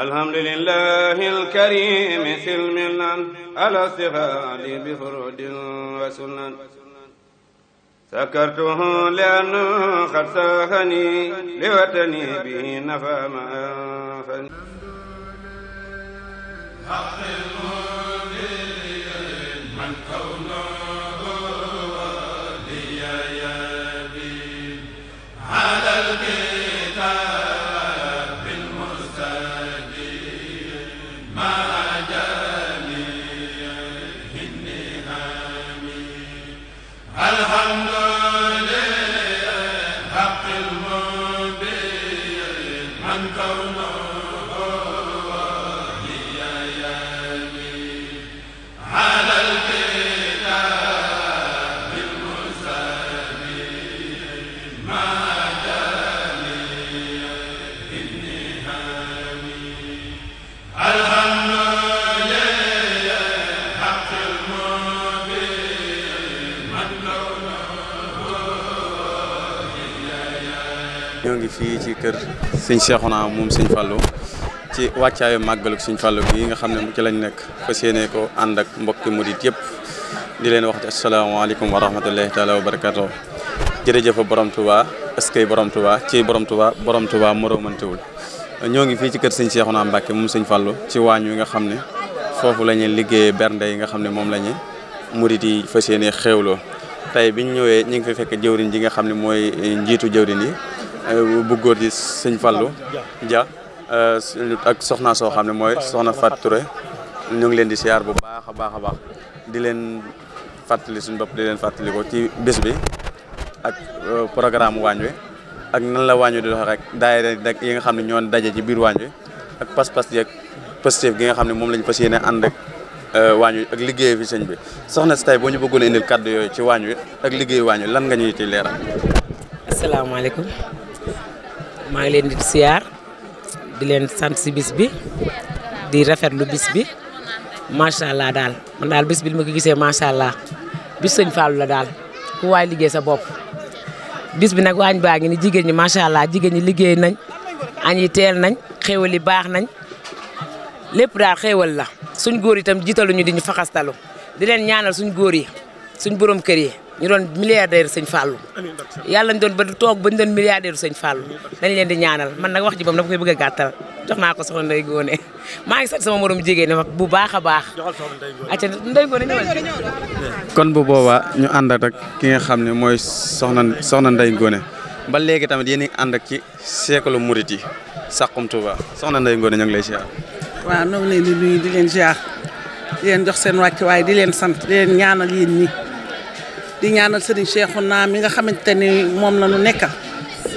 الحمد لله الكريم سلم على استغال بفرود وسنن سكرته لأنه قد ساخني لوطني به نفى ما أنفني fii ci kër sëñ Cheikhouna moom sëñ Fallou ci wàccaayu màggalug sëñ Fallou gi nga xam ne ci lañ nekk fas yéene ko ànd ak mbokki murit yëpp di leen wax asalaamaaleykum wa rahmatullahi taala wa barakatuh jërëjëf borom Touba askay borom Touba ci borom Touba borom Touba moromantewul ñoo ngi fii ci kër sëñ Cheikhouna Mbacke moom sëñ Fallou ci waañ wi nga xam ne foofu la ñuy liggéeyee bernde yi nga xam ne moom la ñu murit yi fas yéene xéewloo tey biñ ñëwee ñu ngi fi fekk jëwriñ ji nga xam ne mooy njiitu jëwriñ yi Euh, bu góor gi sëñ Fallou Dia euh, ak soxna soo xam ne mooy soxna Fatou Touré ñu ngi leen di siyaar bu baax a baax a baax di leen fàttali suñ dopp di leen fàttali ko ci bés bi ak euh, programme waañ wi ak nan la waañ wi di doxe rek daayira rek yi nga xam ne ñoo daje ci biir waañ wi ak pas-pas yeeg positif gi nga xam ne moom lañ fas yéene ànd ak waañ wi ak liggéey fi sëñ bi soxna si tey boo ñu bëggoon a indil kàddu yooyu ci waañ wi ak liggéey waañ wi lan nga ñuy ci leeral maa ngi leen di siyaar di leen sant si bis bi di rafetlu bis bi macha daal man daal bis bi li ma ko gisee macha allah bis sëñ la daal ku waay liggéey sa bopp. bis bi nag waañ baa ngi ni jigéen ñi macha jigéen ñi liggéey nañ añ yi teel nañ xéwal yi baax nañ lépp daal xéwal la suñ góor yi itam jiitaluñu di ñu faxastalu di leen ñaanal suñ góor yi suñ borom kër yi. ñu doon milliardaire sëñ Fallou yàlla ñu doon ba toog ba ñu doon milliardaire sëñ Fallou dañ leen di ñaanal man nag wax ji moom dama koy gàttal jox naa ko soxna Ndeye Gone maa ngi sant sama morom jigéen ñi bu baax a baax. acca Ndeye Gone kon bu boobaa ñu ànd ak ki nga xam ne mooy soxna soxna Ndeye Gone ba léegi tamit yéen a ngi ànd ak ci seekalu murit yi Saxum Touba soxna Ndeye Gone ñu lay si waaw ñoo ngi leen di nuyu di leen ziar di leen jox seen wàccuwaay di leen sant di leen ñaanal yéen ñi di ñaanal sëriñ Cheikhouna mi nga xamante ni moom la ñu nekkal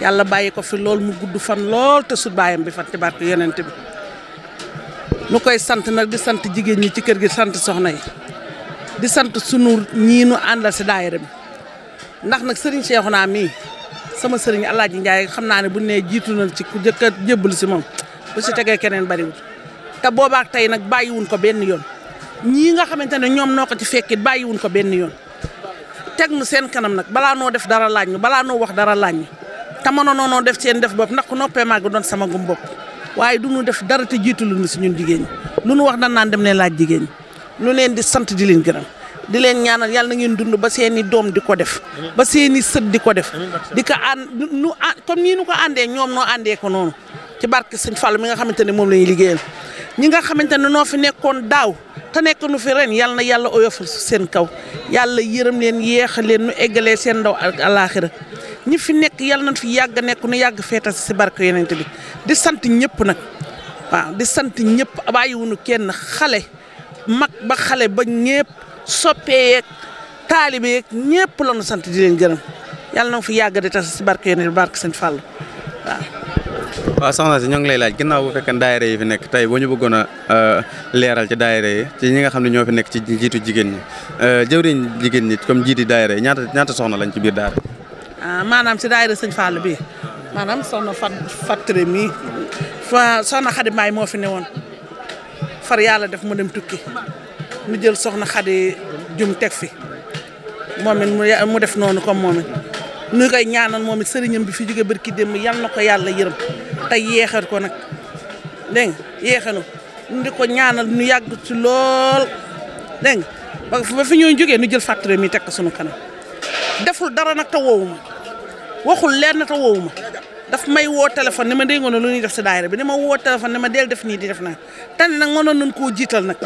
yàlla bàyyi ko fi lool mu gudd fan lool te su baayam bi fan ci barke yonent bi ñu koy sant nag di sant jigéen ñi ci kër gi sant soxna yi di sant sunu ñii nu àndal si daayira bi ndax nag sëriñ Cheikhouna mii sama sëriñ Alaaji Njaay xam naa ne bu nee jiitu na ci ku jëkk a si moom bu si tegee keneen bariwul te boobaak tey nag bàyyiwuñ ko benn yoon ñii nga xamante ne ñoom noo ko ci fekkit bàyyiwuñ ko benn yoon teg nu seen kanam nag balaa noo def dara laaj ñu balaa noo wax dara laañ ñu te mënoonoo noo def seen def bopp ndax ku noppee màgg doon sama gum bopp waaye du ñu def dara te jiitu lu ñu si ñun jigéen ñi lu nu wax dan naan dem ne laaj jigéen ñi nu leen di sant di leen gërëm di leen ñaanal yàlla na ngeen dund ba seen i doom di ko def ba seen i sët di ko def di ko ànd nu comme nii nu ko àndee ñoom noo àndee ko noonu ci barke sëñ Fall mi nga xamante ne moom la ñuy liggéeyal ñi nga xamante ne noo fi nekkoon daaw ta nekk nu fi ren yàlla na yàlla oyofal seen kaw yàlla yërëm leen yeexa leen nu eggalee seen ndaw ak alaaxira ñi fi nekk yalla nañ fi yàgg nekk nu yàgg feetal si barke yonent bi di sant ñëpp nag waaw di sant ñëpp bàyyiwuñu kenn xale mag ba xale ba ñëpp soppeek taalibeek ñëpp la ñu sant di leen gërëm yàlla na fi yàgg di tas si barke yonent bi barke sëñ Fàllu waaw soxna si ñoo ngi lay laaj ginnaaw bu fekkee daayira fi nekk tey boo ñu bëggoon a euh, leeral ci daayira yi ci ñi nga xam ne ñoo fi nekk ci jiitu jigéen ñi euh, jëwriñ jigéen ñi comme jiiti daayira yi ñaata ñaata soxna lañ ci biir daara ah, maanaam si daayira sëñ Fall bi maanaam soxna fat fattare mi fa soxna Xadi may moo fi ne woon far yàlla def mu dem tukki mu jël soxna Xadi jum teg fi moom it mu def noonu comme moom ñu koy ñaanal moom it sëriñam bi fi jóge barki démb yal na ko yàlla yërëm te yeexal ko nag dégg nga yeexanu ñu di ko ñaanal ñu yàgg ci lool dégg nga ba fi ñoo jógee ñu jël fàttali mi teg ko sunu kanam deful dara nag te woowuma waxul lenn te woowuma daf may woo téléphone ni ma dégg nga lu ñuy def si daayira bi ni ma woo téléphone ma del def nii di def naa tane nag mënoon nañ koo jiital nag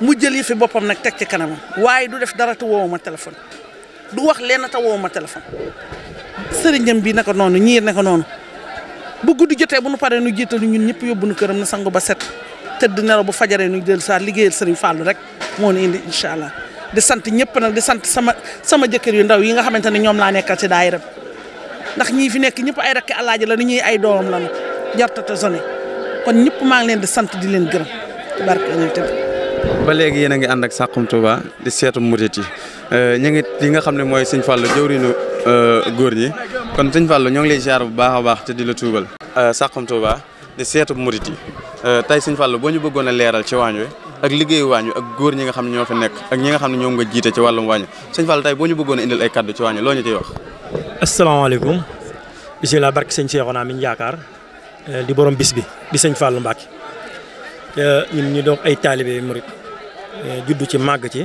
mu jël yi fi boppam nag teg ci kanam waaye du def dara te woowuma téléphone. du wax lenn te woo ma téléphone sëriñam bi naka noonu ñiir naka noonu bu guddi jotee bu nu paree nu jiitalu ñun ñëpp yóbbu nu këram na sangu ba set tëdd nelaw bu fajaree nu jël saa liggéeyal sëriñ Fallou rek moo nu indi incha allah di sant ñëpp nag di sant sama sama jëkkër yu ndaw yi nga xamante ne ñoom laa nekkal daay daayira ndax ñii fi nekk ñëpp ay rakki alaaji la ni ñuy ay doomam la nu jartata zone kon ñëpp maa ngi leen di sant di leen gërëm barke ba léegi yéen a ngi ànd ak Saxum Touba di seetu murit yi euh, ñu ngi li nga xam ne mooy sëñ Fallou jëwriñu euh, góor ñi kon sëñ Fallou ñoo ngi lay ziar bu baax a baax te di la tuubal euh, Saxum Touba di seetu murit yi tey sëñ Fallou boo ñu a leeral ci waañ wi ak liggéeyu waañ wi ak góor ñi nga xam ne ñoo fa nekk ak ñi nga xam ne ñoom nga jiite ci wàllum waañ sëñ Fallou tey boo ñu bëggoon a indil ay kaddu ci waañ wi loo ñu ciy wax asalaamaaleykum bisimilah barke sëñ Cheikhouna mi ñu yaakaar di borom bis bi di sëñ Fallou Mbacke te ñun ñu doon ay taalibe murit eh, juddu ci màgg ci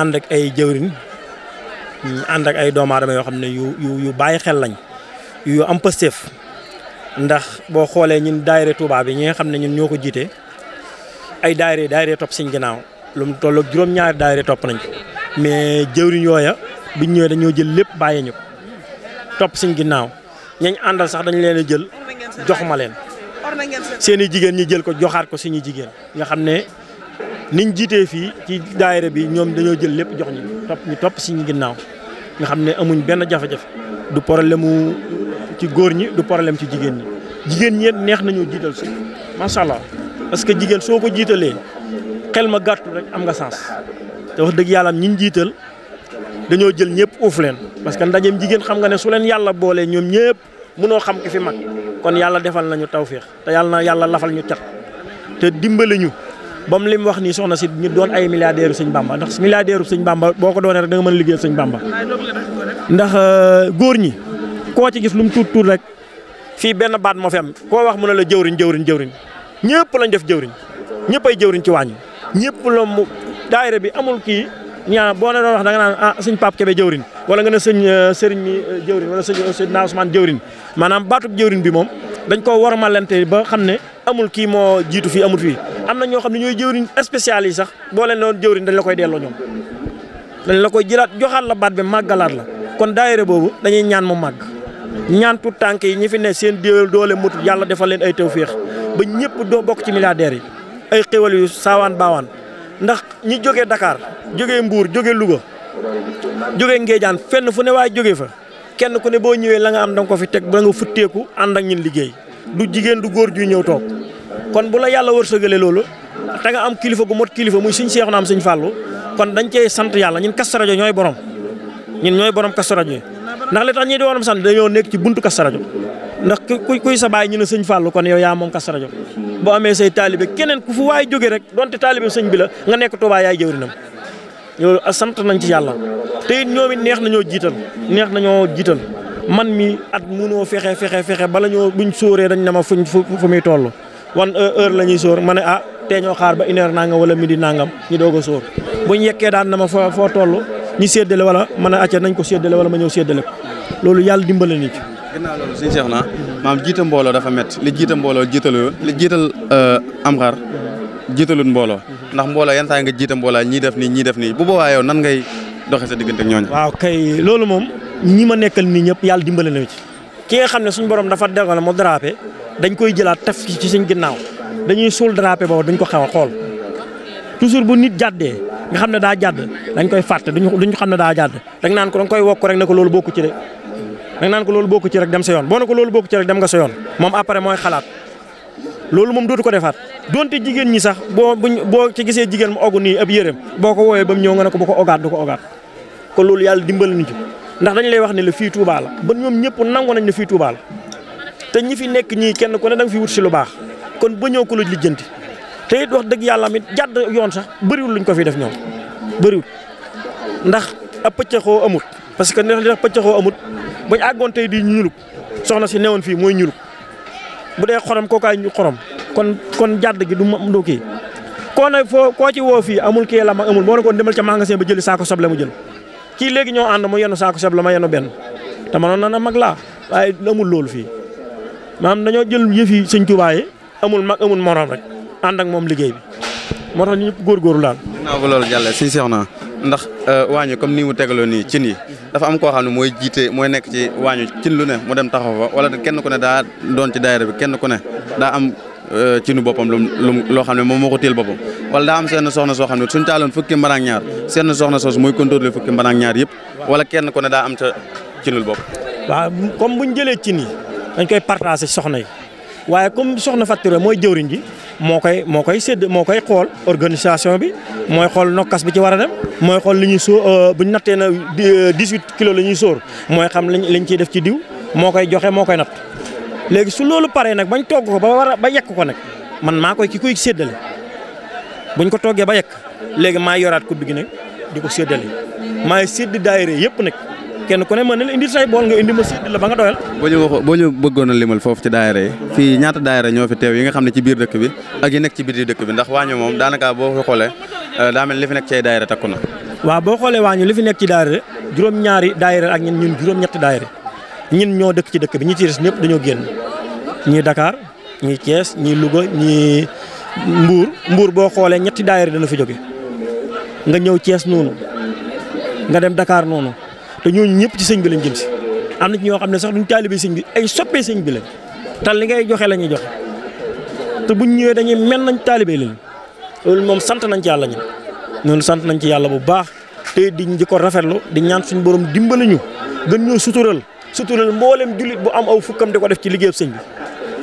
ànd ak ay jëwrin ànd ak ay doomu aadama yoo xam ne yu yu yu bàyyi xel lañ yu am pësteef ndax boo xoolee ñun daayira Touba yi ñi nga xam ne ñun ñoo ko jiite ay daayira daayira topp siñ ginnaaw lu mu toll ak juróom-ñaari daayira topp nañ ko mais jëwriñ yooya biñ ñëwee dañoo jël lépp bàyyi ñu ko topp siñ ginnaaw ñañ àndal sax dañ leen a jël jox ma leen. seen i jigéen ñi jël ko joxaat ko suñu jigéen nga xam ne niñ jiitee fii ci daayira bi ñoom dañoo jël lépp jox ñi topp ñu topp suñu ginnaaw nga xam ne amuñ benn jafe-jafe du problème mu ci góor ñi du problème ci jigéen ñi jigéen ñi neex nañoo jiital si macha allah parce que jigéen soo ko jiitalee xel ma gàttu rek am nga sans te wax dëgg yàlla ñi jiital dañoo jël ñëpp uuf leen parce que ndajeem jigéen xam nga ne su leen yàlla boolee ñoom ñëpp mënoo xam mag kon yàlla defal nañu tawféex te yàlla na yàlla lafal ñu cat te dimbali ñu ba mu li mu wax nii soxna si ñu doon ay milliardaire sëñ bamba ndax milliardaire sëñ bamba boo ko doonee rek da nga mën a liggéeyal sëñ bamba ndax euh, góor ñi koo ci gis lu mu tuut tuut rek fii benn baat moo fi am koo wax mu ne la jëwriñ jëwriñ jëwriñ ñëpp lañ def jëwriñ ñëpp ay jëwriñ ci wàññi ñëpp la mu daayira bi amul kii ñaa boo la doon wax da nga naan ah sëñ Pape Kébé jëwrin wala nga ne sëñ euh, sëriñ mi euh, jëwrin wala sëñ euh, Seydina Ousmane jëwrin maanaam baatub jëwrin bi moom dañ ko war a malante ba xam ne amul kii moo jiitu fii amul fii am na ñoo xam ne ñooy jëwriñ spécial yi sax boo leen doon dañ la koy delloo ñoom dañ la koy jilaat joxaat la baat bi màggalaat la kon daayira boobu dañuy ñaan mu màgg ñaan tout tànk yi ñi fi ne seen doole mutut yàlla defal leen ay tawféex ba ñëpp doo bokk ci milliardaires yi ay xéwal saawaan baawaan ndax ñi jógee Dakar jógee Mbour jógee Louga jógee Ngéejaan fenn fu ne waaye jógee fa kenn ku ne boo ñëwee la nga am da nga ko fi teg ba nga futteeku ànd ak ñun liggéey du jigéen du góor ju ñëw toog kon bu la yàlla wërsëgalee loolu te nga am kilifa gu mot kilifa muy suñ seexu na am suñ fàllu kon dañ cey sant yàlla ñun Kazu Rajab ñooy borom ñun ñooy borom Kazu Rajab ndax li tax ñi di woonam sant dañoo nekk ci buntu Kazu Rajab ndax ku kuy sa baay ñu ne sëñ Fallou kon yow yaa moom Kazu Rajab boo amee say taalibe keneen ku fu waay jóge rek donte taalibe sëñ bi la nga nekk Touba yaay jëwrinam loolu sant nañ ci yàlla te it ñoom it neex nañoo jiital neex nañoo jiital man mi at munoo fexe fexe fexe bala ñoo buñ sóoree dañ ne ma fuñ fu muy toll wan e, heure la ñuy sóor ma ah tee ñoo xaar ba une heure nangam wala midi nangam ñu doog a sóor buñ yekkee daan nama ma foo foo toll ñu séddale wala man a acca nañ ko séddale wala ma ñëw séddale ko loolu yàlla dimbale nit ginnaaw loolu suñu seex na maam jiita mbooloo dafa métti li jiita mbooloo jiitalu yoon li jiital euh, am xar jiitalut mbooloo ndax mbooloo yan saa nga jiita mbooloo ñii def nii ñii def nii bu boobaa yow nan ngay doxee sa diggante ak ñooñu waaw kay loolu moom ñi ma nekkal nii ñëpp yàlla dimbale na ci ki nga xam ne suñu borom dafa degal moo drapé dañ koy jëlaat taf ci suñ ginnaaw dañuy suul drapé boobu dañ ko xaw a xool toujours bu nit jàddee nga xam ne daa jàdd dañ koy fàtte duñ ko dañ koy ko loolu bokku ci de da naan ko loolu bokku ci rek dem sa yoon boo ne ko loolu bokku ci rek dem nga sa yoon moom après mooy xalaat loolu moom dootu ko defaat donte jigéen ñi sax boo buñ boo ci gisee jigéen mu ogu nii ab yéreem boo ko woowee ba mu ñëw nga ne ko bu ko ogaat ko ogaat kon loolu yàlla dimbali nañu ci ndax dañ lay wax ne la fii Touba la ba ñoom ñëpp nangu nañ ne fii Touba te ñi fi nekk ñii kenn ku ne da fi wut si lu baax kon ba ñëw ko lu lijjanti te it wax dëgg yàlla amit jàdd yoon sax bëriwul luñ ko fi def ñoom bëriwul ndax a parce que neex li tax pëccaxoo amut bañ àggoon tey di ñuluk soxna si newoon fii mooy ñuluk bu dee xorom kookaay ñu xorom kon kon jàdd gi du du kii koo ne foo koo ci woo fii amul kii la ma amul boo ne ko demal magasin ba jëli saako soble mu jël kii léegi ñoo ànd mu yenu saako soble ma yenu benn te mënoon na na mag laa waaye amul loolu fii maanaam nañoo jël yëf yi sëñ Tuubaa amul mag amul morom rek ànd ak moom liggéey bi moo ñu ñëpp góorgóorlu daal. naa ko loolu jàllee ndax euh, waañu comme nii mu tegaloo nii cin yi dafa am koo xam ne mooy jiite mooy nekk ci waañu cin lu ne mu dem taxaw fa wala kenn ku ne daa doon ci daayira bi kenn ku ne daa am euh, lu loo xam ne moom moo ko téel boppam wala daa am seen soxna soo xam ne suñ taaloon fukki mbar ak ñaar seen soxna soos mooy contrôler fukki mbar ñaar yëpp wala kenn ku ne daa am sa cinul bopp waaw comme buñ jëlee cin yi dañ koy partagé soxna yi waaye comme soxna facture mooy jëwriñ ji moo koy moo koy sédd moo koy xool organisation bi mooy xool nokkas bi ci war a dem mooy xool li ñuy soo euh, bu ñu nattee na euh, dix-huit kilos la ñuy sóor mooy xam lañ lañ ciy def ci diw moo koy joxe moo koy natt léegi su loolu paree nag bañ togg ko ba war a ba yekk ko nag man maa koy ki koy séddale buñ ko toggee ba yekk léegi maa yoraat kudd gi nag di ko séddale maay sédd daayira yëpp nag kenn ku ne mën na la indi say bool nga indi ma sédd la ba nga doyal boo ñu waxoo boo ñu bëggoon a limal foofu yi fii ñaata daayira ñoo fi teew yi nga xam ne ci biir dëkk bi ak yi nekk ci biir dëkk bi ndax waañu moom daanaka boo ko xoolee euh, daa li fi nekk ci ay daayira takku na waaw boo xoolee waañu li fi nekk ci daayira juróom-ñaari daayira ak ñun ñun juróom-ñetti daayira ñun ñoo dëkk ci dëkk bi ñi ci des ñëpp dañoo génn ñii Dakar ñii Thiès ñii Louga ñii mbuur mbuur boo xoolee ñetti daayira dana fi jóge nga ñëw Thiès noonu nga dem Dakar noonu te ñooñu ñëpp ci sëñ bi lañ jëm si am na ci ñoo xam ne sax duñ taalibe sëñ bi ay soppee sëñ bi lañ te li ngay joxe la ñuy joxe te buñ ñëwee dañuy mel nañ taalibe lañ loolu moom sant nañ ci yàlla ñun noonu sant nañ ci yàlla bu baax te di di ko rafetlu di ñaan suñu borom dimbali ñu gën ñoo sutural sutural mboolem jullit bu am aw fukkam di ko def ci liggéeyam sëñ bi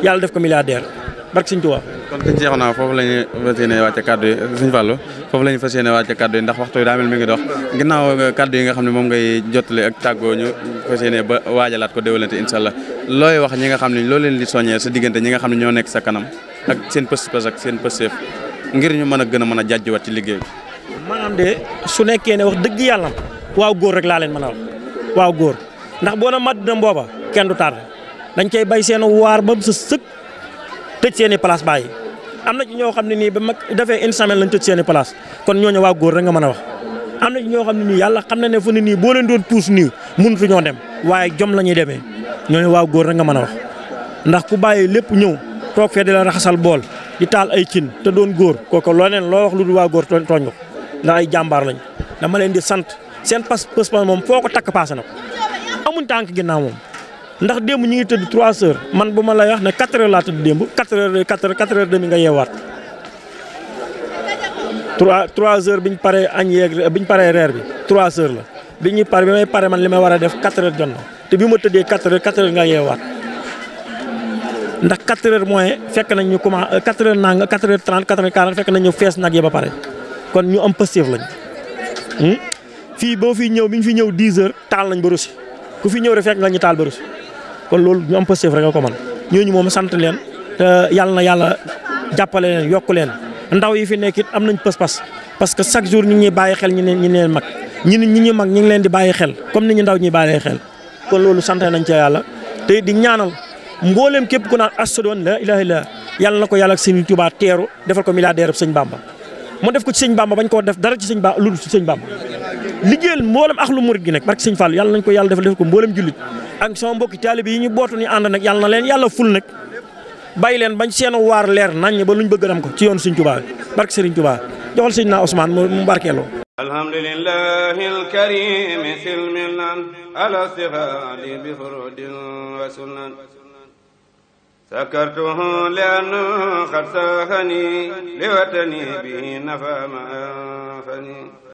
yàlla def ko milliardaire barke sëñ Tuubaa kon sëñ Cheikhouna foofu la ñu fas yéene kàddu yi sëñ Fallou foofu la ñu fas yéene wàcce kàddu yi ndax waxtu yi daa mel mi ngi dox ginnaaw kàddu yi nga xam ne moom ngay jottali ak tàggoo ñu fas yéene ba waajalaat ko déwalante incha allah looy wax ñi nga xam ne loo leen di soññee sa diggante ñi nga xam ne ñoo nekk sa kanam ak seen pës-pës ak seen pësteef ngir ñu mën a gën a mën a jàjjuwaat ci liggéey bi maanaam de su nekkee ne wax dëgg yàlla waaw a tëj seen i place bàyyi am na ci ñoo xam ne nii ba mag dafee une semaine lañ tëj seen i place kon ñooñu waa góor rek nga mën a wax am na ci ñoo xam ne nii yàlla xam na ne fu ne nii booleen leen doon puus nii mun fi ñoo dem waaye jom la ñuy demee ñooñu waa góor rek nga mën a wax ndax ku bàyyi lépp ñëw toog fee di la raxasal bool di taal ay cin te doon góor kooku loo leen loo wax lu dul waa góor tooñ ko ndax ay jàmbaar lañ dama leen di sant seen pas pas moom foo ko takk paase na ko amuñ tànk ginnaaw moom ndax démb ñu ngi tëdd 3 heures man bu ma lay wax ne 4 heures laa tëdd démb 4 heures 4 heures 4 heures bi ñu paree añ yeeg ñu paree reer bi 3 heures la bi ñuy pare bi may pare man li may war a def 4 heures jot na te bi ma tëddee 4 heures 4 heures nga yeewaat. ndax 4 heures moins fekk nañ ñu commencé euh, 4 heures nang 4 heures 30 4 heures 40 fekk nañ fees nag yi ba pare kon ñu am positif lañ hmm? fii boo fi ñëw bi ñu fi ñëw 10 heures taal lañ ba russi ku fi ñëw rek fekk nga ñu taal ba russi kon loolu ñu am positif rek nga ko man ñooñu moom sant leen te yàlla na yàlla jàppale leen yokk leen ndaw yi fi nekk am nañ pas-pas parce que chaque jour ñu ngi bàyyi xel ñu ne ñu leen mag ñu ne ñi ñu mag ñu ngi leen di bàyyi xel comme ni ñu ndaw ñi bàyyi xel kon loolu sant nañ ca yàlla te di ñaanal mbooleem képp ku naan asadoon la ilaha la yàlla na ko yàlla ak sëñ Tuubaa teeru defal ko milliardaire sëñ Bamba mu def ko ci sëñ Bamba bañ koo def dara ci sëñ Bamba lu dul ci sëñ liggéeyal mboolem axlu murit gi nag barke sëñ Fall yàlla nañ ko yàlla defal defal ko mboolem jullit ak sama mbokki taalibe yi ñu bootu ñu ànd nag yàlla na leen yàlla ful nag bàyyi leen bañ seen waar leer nañ ba luñ bëgg am ko ci yoon sëñ Tuubaa barke sëriñ Tuubaa joxal sëñ naa Ousmane mu barkeeloo alhamdulillahil karim silmilan ala sihadi bi furudin